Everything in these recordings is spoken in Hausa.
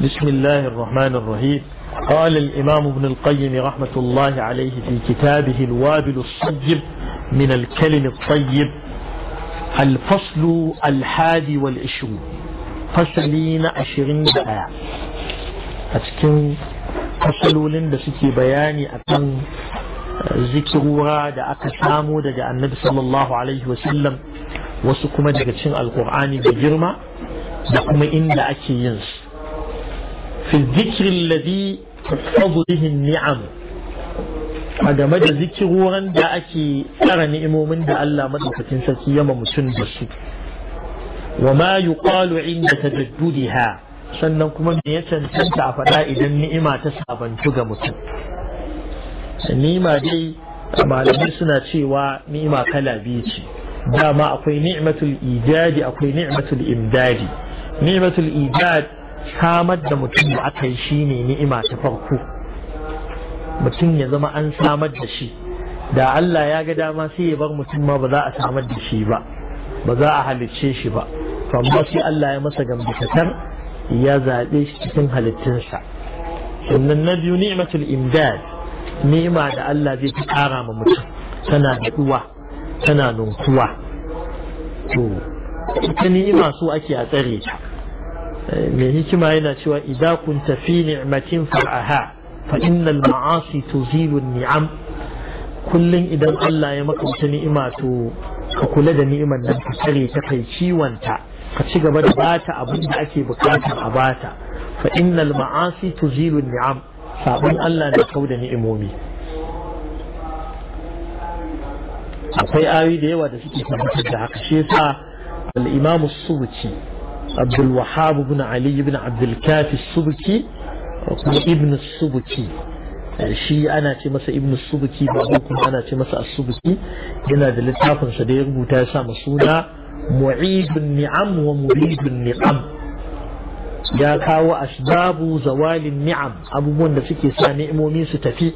بسم الله الرحمن الرحيم قال الإمام ابن القيم رحمة الله عليه في كتابه الوابل الصجب من الكلم الطيب الفصل الحادي والعشرون فصلين عشرين بآية أتكن فصلوا لن بسكي بياني akan zikirura da أكسامو samu النبي صلى الله عليه وسلم wasu kuma daga cin alkur'ani da girma da kuma inda ake yin su fi zikirin ladi tuhfazulihin ni'am a game da zikiroran da ake tsara ni'imomin da Allah madaukakin sarki yama mutum da su wa ma yuqalu inda haya? sannan kuma me ya cancanta a faɗa idan ni'ima ta sabantu ga mutum ni'ima dai malamai suna cewa ni'ima kala biyu ce dama akwai ni'matul ijadi akwai ni'matul imdadi ni'matul ijad samar da mutum da aka yi shine ni'ima ta farko mutum ya zama an samar da shi da Allah ya ga dama sai ya bar mutum ma ba za a samar da shi ba ba za a halicce shi ba amma sai Allah ya masa gambakatar ya zaɓe shi cikin halittunsa sannan na biyu ni'matul imdad ni'ima da Allah zai ta ƙara ma mutum tana da tana nunkuwa to ita ni'ima so ake a tsare ta eh, mai hikima yana cewa idza kunta fi ni'matin far'aha fa innal ma'asi tuzilu ni'am kullun idan Allah ya maka wata ni'ima to ka kula da ni'imar nan ka tsare ta kai ta ka ci gaba da bata abin da ake bukata a bata fa innal ma'asi tuzilu ni'am sabon Allah ne kau da ni'imomi akwai ayoyi da yawa da suke tabbatar da haka shi yasa al-imam as-subki abdul wahhab ibn ali ibn abdul kafi as-subki kuma ibn as-subki eh, shi ana ce masa ibn as-subki ba kuma ana ce masa as-subki yana da littafin sa da ya rubuta ya sa masa suna mu'idun ni'am wa muridun ni'am ya kawo asbabu zawalin ni'am abubuwan da suke sa ni'imomi su tafi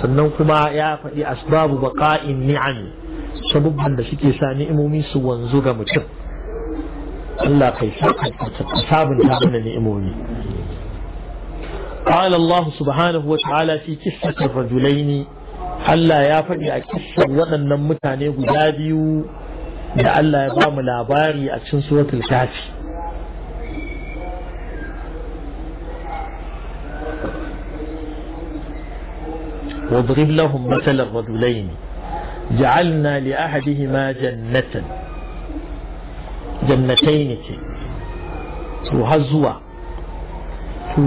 sannan kuma ya faɗi asbabu baqa'in ni'ami sabubban da suke sa ni'imomi su wanzu ga mutum Allah kai sabunta mana ni'imomi قال الله سبحانه وتعالى في قصة الرجلين Allah ya faɗi a kissan waɗannan mutane guda biyu da Allah ya ba mu labari a cikin suratul kafi واضرب لهم مثل الرجلين جعلنا لأحدهما جنة جنتين to har zuwa to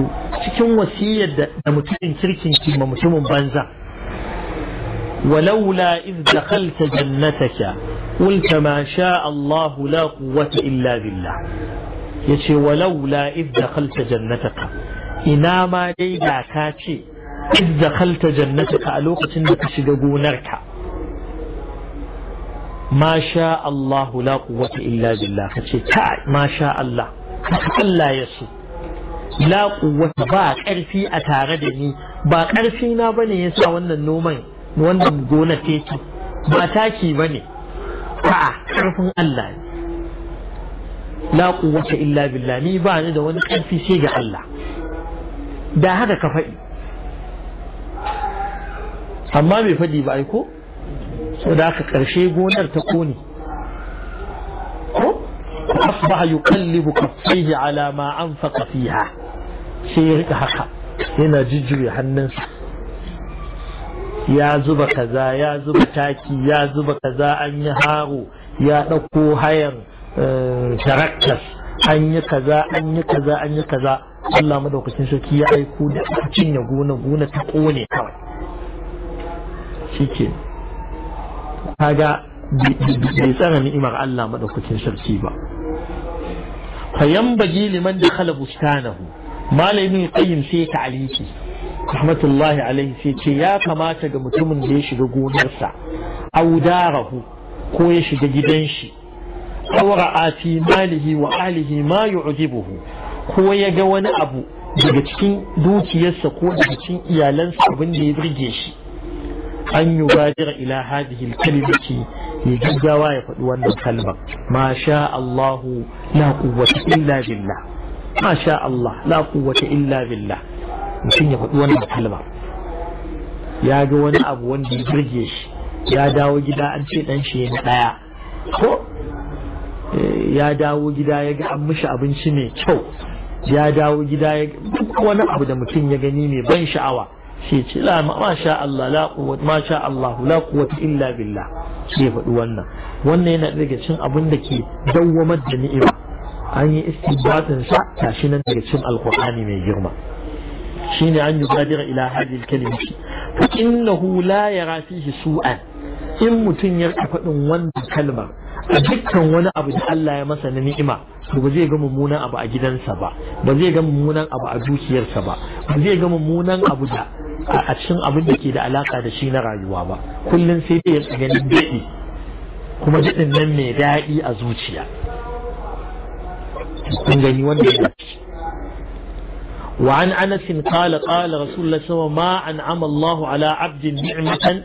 cikin wasiyar da mutumin kirkin ki ma mutumin banza walaula iz dakhalta jannataka qulta ma Allah la quwwata illa billah yace walaula iz dakhalta jannataka ina ma dai da ka ce iz dakhalta jannataka a lokacin da ka shiga gonarka Masha allahu Allah la quwwata illa billah kace ta ma Allah Allah ya so la quwwata ba karfi a tare da ni ba karfi na bane yasa wannan noman wannan gonar take ba taki bane a'a karfin Allah ne la quwwata illa billah ni ba ni da wani karfi sai ga Allah da haka ka faɗi amma bai faɗi ba ai ko so da aka karshe gonar ta kone asbaha yuqallibu kaffayhi ala alama anfaqa fiha sai ya rika haka yana jijjuya hannunsa ya zuba kaza ya zuba taki ya zuba kaza an yi haro ya ɗauko hayan eh, taraktas an yi kaza an yi kaza an yi kaza Allah madaukakin sarki ya aiko da cinye gona gona ta kone kawai shi kaga bai tsara ni'imar Allah madaukakin sarki ba fa da liman dakhala bustanahu malamin qayyim sai ta aliki rahmatullahi alaihi sai ce ya kamata ga mutumin da ya shiga gonarsa audarahu ko ya shiga gidan shi awra ati malihi wa alihi ma yu'jibuhu ko ya ga wani abu daga cikin dukiyarsa ko daga cikin iyalansa abin da ya birge shi an yubadir ila hadhihi al-kalimati ya gaggawa ya faɗi wannan kalmar ma sha Allahu la quwwata illa billah ma sha Allah la quwwata illa billah mutum ya faɗi wannan kalmar ya ga wani abu wanda ya burge shi ya dawo gida an ce dan shi na daya ko eh, ya dawo gida ya ga an mishi abinci mai kyau ya dawo gida ya duk wani abu da mutum ya gani mai ban sha'awa shi ce la ma sha Allah la quwwata ma sha Allah la quwwata illa billah Ke faɗi wannan wannan yana daga cikin abin da ke dawwamar da ni'ima an yi istibatin sa tashi nan daga cikin alqur'ani mai girma shine an yubadira ila hadhihi alkalimati fa innahu la yara fihi su'an in mutum ya faɗin wannan kalmar a dukkan wani abu da Allah ya masa na ni'ima to ba zai ga mummunan abu a gidansa ba ba zai ga mummunan abu a dukiyarsa ba ba zai ga mummunan abu da a cikin abin da ke da alaka da shi na rayuwa ba kullum sai dai ya ganin daɗi kuma daɗin nan mai daɗi a zuciya kun gani wanda ya وعن أنس قال قال رسول الله صلى ما أنعم الله على عبد نعمة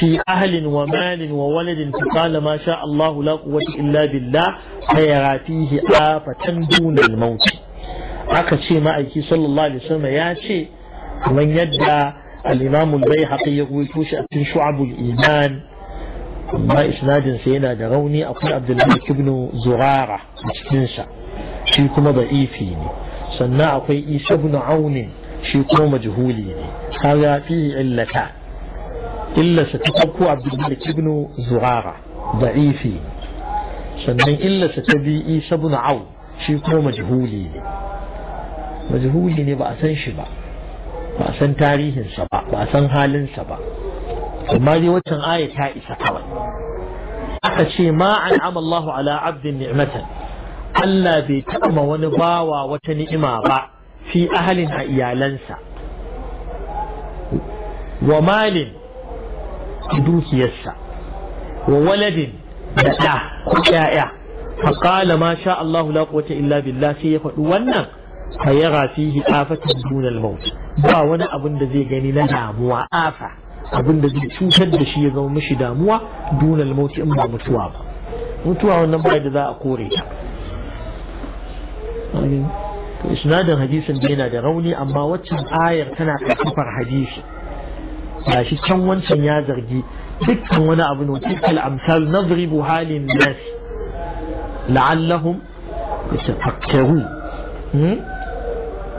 في أهل ومال وولد فقال ما شاء الله لا قوة إلا بالله فيرى فيه آفة دون الموت aka ce ma'aiki sallallahu alaihi ya ce kamar yadda الإمام البيحقي يقول توش أتن شعب الإيمان ما إسناد سينا دروني أقول عبد الملك بن زرارة مشكنسا شي كما ضعيفين سنا أقول إيسى بن عون شي كما مجهولي هذا فيه علتان إلا ستتبكو عبد الملك بن زرارة ضعيفين سنا إلا ستبي إيسى بن عون شي كما مجهولين مجهولي بأسنش ba san tarihinsa ba ba san halinsa ba amma dai waccan aya ta isa kawai aka ce ma an amallahu ala abdin ni'matan Allah bai taɓa ma wani bawa wata ni'ima ba fi ahalin a iyalansa wa malin dukiyarsa wa waladin da ɗa ko ƴaƴa فقال ما شاء الله لا قوة إلا ya faɗi wannan. فيرى فيه آفة دون الموت با وانا أبن دزي غني لنا مو آفة أبن دزي توتد شيء يزو مشي داموا دون الموت إما متواب متواب نمبا يدزا أقوري إسناد الحديث بينا دروني أما واتن آير كان في كفر حديث لاشي كون سنيازر جي تك وانا أبن وتلك الأمثال نضرب حال الناس لعلهم يتفكرون 嗯。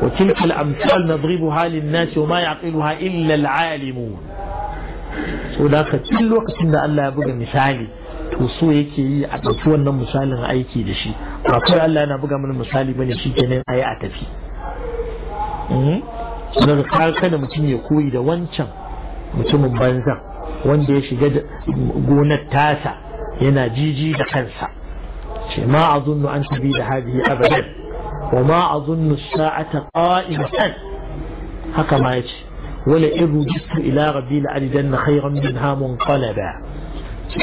وتلك الأمثال نضربها للناس وما يعقلها إلا العالمون وذاك كل وقت إن الله يبقى مثالي to so yake yi a ɗauki wannan misalin aiki da shi ba Allah yana buga mana misali bane shi kenan ayi a tafi daga kar kada mutum ya koyi da wancan mutumin banza wanda ya shiga gonar tasa yana jiji da kansa ce ma an tabi da hadihi abadan wa ma azunnu sa'ata qa'imatan haka ma yace wala in rujitu ila rabbi la ajidanna khayran minha munqalaba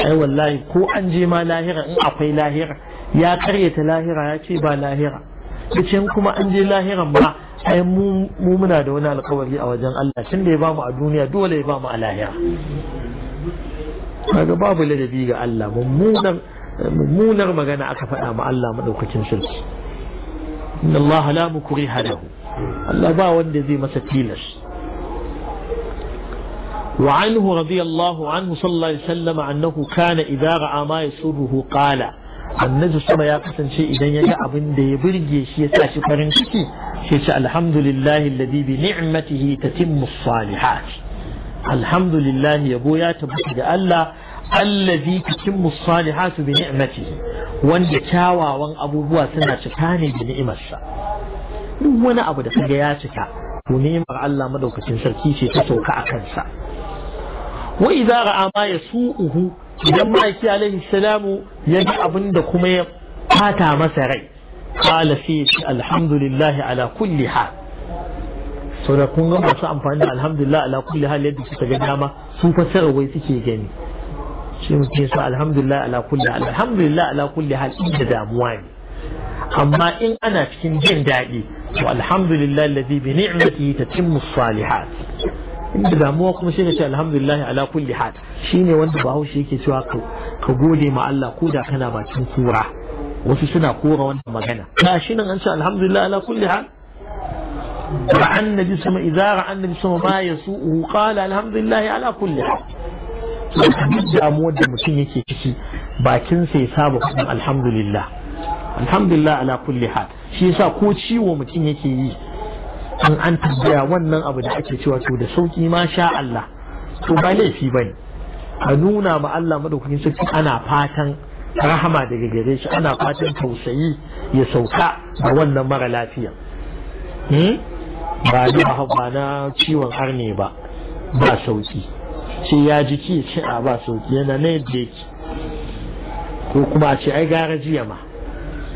ai wallahi ko an je ma lahira in akwai lahira ya karyata lahira ya ce ba lahira yace kuma an je lahiran ba ai mu muna da wani alkawari a wajen Allah tun da ya bamu a duniya dole ya bamu a lahira kaga babu ladabi ga Allah mummunar magana aka faɗa ma Allah madaukakin sarki إن الله لا مكره له الله با وندي مساتيلس وعنه رضي الله عنه صلى الله عليه وسلم أنه كان إذا رأى ما يسره قال annaji sama ya kasance idan ya ga abin da ya birge shi ya sa farin ciki sai ce alhamdulillah alladhi bi ni'matihi tatimmu salihat alhamdulillah yabo ya tabbata ga Allah allazi tutimmu salihatu bi ni'matihi wanda kyawawan abubuwa suna cika ne da ni'imarsa duk wani abu da kaga ya cika to ni'imar Allah madaukakin sarki ce ta sauka a kansa wa idza ra'a ma yasu'uhu idan ma'aiki alaihi salamu ya ji abin da kuma ya fata masa rai qala fi alhamdulillah ala kulli hal kun ga masu amfani da alhamdulillah ala kulli hal yadda suka ga dama su fasara wai suke gani shi mutum sa alhamdulillah ala kulli hal alhamdulillah ala kulli hal inda damuwa ne amma in ana cikin jin daɗi to alhamdulillah alladhi bi ni'matihi tatimmu salihat da damuwa kuma sai ka ce alhamdulillah ala kulli hal shine wanda bahaushe yake cewa ka gode ma Allah ko da kana bakin kura wasu suna kora wannan magana na shi nan an ce alhamdulillah ala kulli hal ra'an nabi sama idza ra'an nabi sama ma yasu'u qala alhamdulillah ala kulli hal duk damuwar da mutum yake ciki bakin sai saba kudin alhamdulillah alhamdulillah ala kulli hal shi yasa ko ciwo mutum yake yi in an tambaya wannan abu da ake cewa to da sauki ma sha Allah to ba laifi bane a nuna ma Allah madaukakin sarki ana fatan rahama daga gare shi ana fatan tausayi ya sauka ga wannan mara lafiya hmm? ba na ciwon arne ba ba sauki ce ya ji ki ce a ba yana na yadda yake ko kuma a ce ai gara jiya ma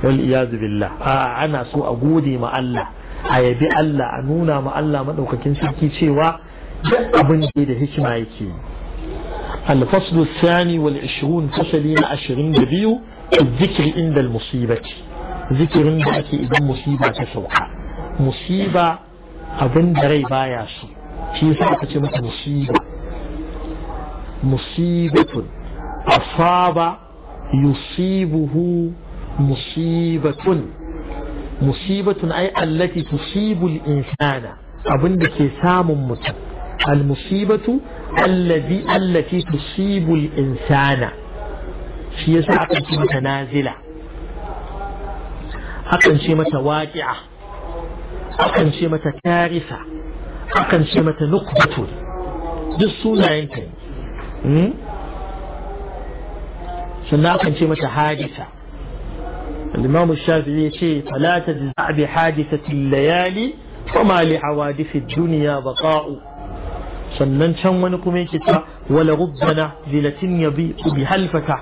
wal iyazu billah a ana so a gode ma Allah a yabi Allah a nuna ma Allah madaukakin sarki cewa duk abin da da hikima yake الفصل الثاني والعشرون فصلين عشرين ببيو الذكر عند المصيبة ذكر عند أكي إذا مصيبة تسوحا مصيبة أبن دري بايا سو شيء سأكتمة مصيبة musibatun asaba yusibuhu musibatun musibatun ai allati tusibu al-insana abinda ke samun mutum al-musibatu allazi allati tusibu al-insana shi yasa aka ce mata nazila akan ce mata waqi'a akan ce mata karisa akan ce mata nuqbatun duk sunayen ta سنعقن شمة حادثة الإمام الشافعي يشي فلا تزع بحادثة الليالي وما لحوادث الدنيا بقاء سننشن ونكم يشتا ولغبنا ذلتين يضيق بحلفة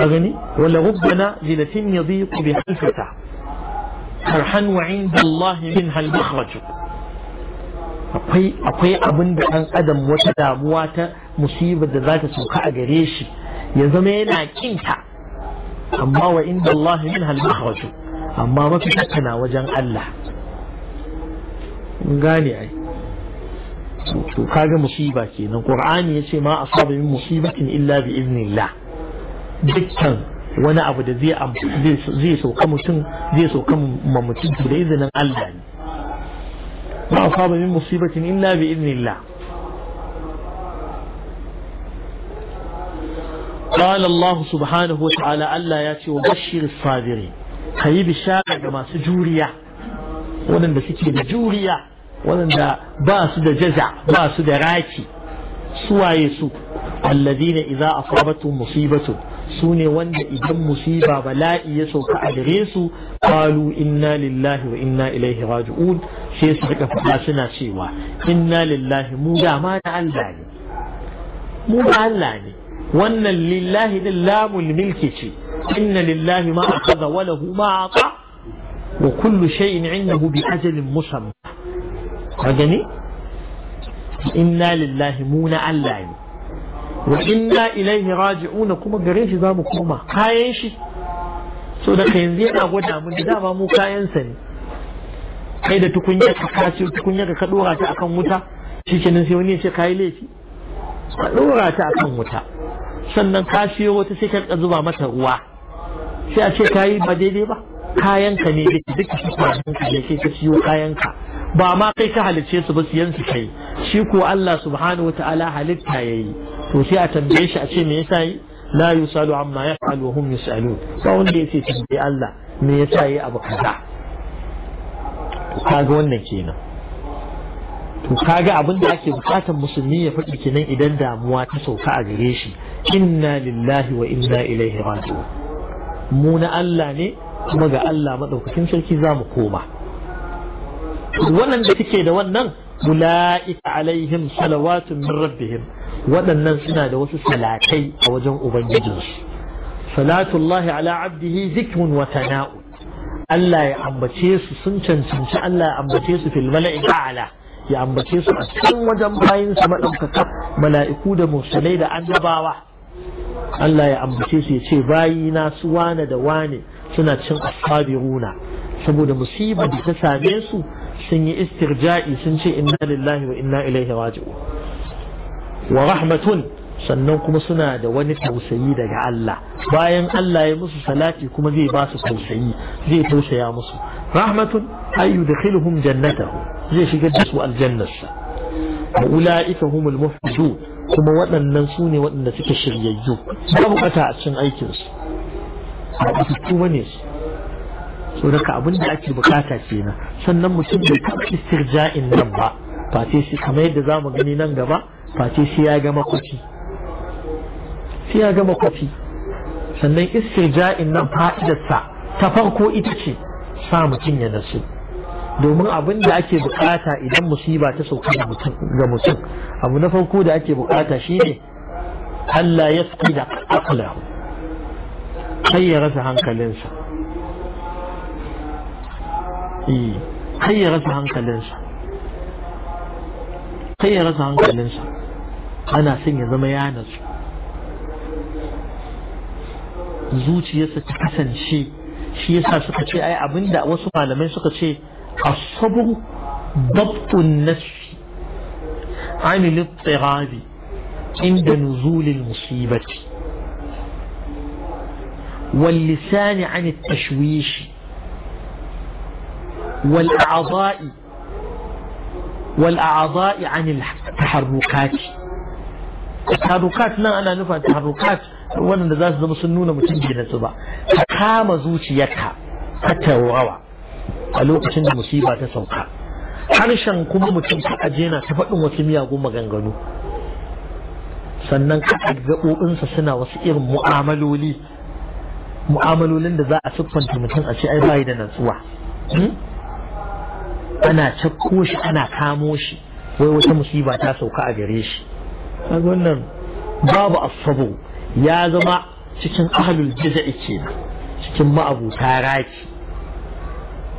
أغني ولغبنا ذلتين يضيق بحلفة فرحا وعند الله منها المخرج أقوي أقوي أبن بأن أدم وتدام واتأ musibar da za ta sauka a gare shi ya zama yana kinta amma wa inda Allah min halmakawatu amma mafita na wajen Allah gane ai to kaga musiba kenan qur'ani yace ma asaba min musibatin illa bi iznillah dukkan wani abu da zai zai sauka mutum zai sauka ma mutum da izinin Allah ne ma asaba min musibatin illa bi iznillah قال الله سبحانه وتعالى ألا ياتي وبشر الصابرين هي بشارة جماعة جورية ولن بسكي بجورية ولن باس دا جزع باس دا راكي سوى يسو الذين إذا أصابتهم مصيبة سوني وند إذا مصيبة بلاء يسو كأدريسو قالوا إنا لله وإنا إليه راجعون شيء سبك فقاسنا شيوا إنا لله مودا ما نعلاني مودا علاني wannan lillahi din lamul milki ce inna lillahi ma akhadha wa lahu ma ata wa kullu shay'in 'indahu bi ajalin musamma kaga inna lillahi muna na Allah ne wa inna ilaihi raji'un kuma gare shi zamu koma kayan shi so da yanzu yana gwada mun da ba mu kayan sa ne kai da tukunya ka kace tukunya ka dora ta akan wuta shikenan sai wani ya ce kai laifi ka dora ta akan wuta sannan ka siyo wata sai ka zuba mata ruwa sai a ce kayi ba daidai ba kayanka ne duk ka ne ke ka siyo kayanka ba ma kai ka halarci su ba siyan su kai shi ko Allah subhanahu wataala halitta yayi to sai a tambaye shi a ce me yasa yi la yusalu amma yaf'alu wa hum yusalun ba wanda yace tambaye Allah me yasa yi abu kaza kaga wannan kenan to kaga abin da ake bukatar musulmi ya faɗi kenan idan damuwa ta sauka a gare shi inna lillahi wa inna ilaihi raji'un mu na Allah ne kuma ga Allah madaukakin sarki za mu koma wannan da suke da wannan mula'ika alaihim salawatun min rabbihim waɗannan suna da wasu salatai a wajen ubangijinsu salatullahi ala abdihi zikrun wa tana'u Allah ya ambace su sun cancanci Allah ya ambace su fil mala'ika ala ya ambace su a cikin wajen bayansa maɗaukaka mala'iku da mursalai da annabawa Allah ya ambace su ya ce bayina su wane da wane suna cin asabiruna saboda musibar da ta same su sun yi istirja'i sun ce inna lillahi wa inna ilaihi raji'u wa rahmatun sannan kuma suna da wani tausayi daga Allah bayan Allah ya musu salati kuma zai ba su tausayi zai tausaya musu rahmatun ay yudkhiluhum jannatahu zai shigar da su aljannarsa wa ula'ika humul muflihun kuma waɗannan su ne waɗanda suke shiryayyu ba bata a cikin aikinsu a batutu ne su so daga abin da ake bukata kenan sannan mutum bai taɓa istirja'in nan ba face shi kamar yadda za mu gani nan gaba face shi ya gama kwafi shi ya gama kwafi sannan istirja'in nan fa'idarsa ta farko ita ce sa mutum ya nasu domin abin da ake bukata idan musiba ta sauka ga mutum abu na farko da ake bukata shine Allah ya fi da akula. kai ya rasa hankalinsa eh, kai ya rasa hankalinsa kai ya rasa hankalinsa ana son ya zama yanar su. zuciyarsa ta kasance shi yasa suka ce ai abinda wasu malamai suka ce الصبر ضبط النفس عن الاضطراب عند نزول المصيبة واللسان عن التشويش والأعضاء والأعضاء عن التحركات التحركات لا نعم، أنا نفع التحركات وأنا ذات زمسنون متنجنة سبا كام زوتي يكا حتى a lokacin da musiba ta sauka harshen kuma mutum ka aje na ta faɗin wasu miyagun maganganu sannan ka gaɓoɓinsa suna wasu irin mu'amaloli mu'amalolin da za a siffanta mutum a ce ai bayi da natsuwa hmm? ana cakko shi ana kamo shi wai wata musiba ta sauka a gare shi wannan babu asabo ya zama cikin ahalul jiza'i kenan cikin ma'abuta raki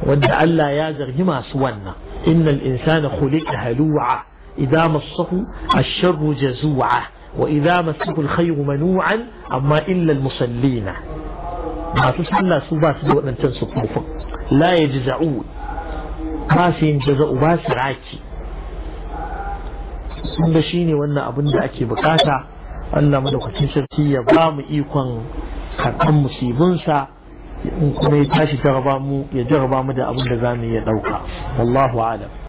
ودع لا يا زغيما سوانا إن الإنسان خلق هلوعا إذا مصه الشر جزوعا وإذا مسه الخير منوعا أما إلا المصلين ما تسلى سوبا سدوء من تنسك مفق لا يجزعون ما سينجزع ما سرعكي سنة شيني وانا أبن دعكي بقاتا أن ملوك تنسرتي يبام إيقان كان أم مصيبون سا in kuma ya tashi jaraba mu ya jaraba mu da abin da za mu iya ɗauka wallahu alam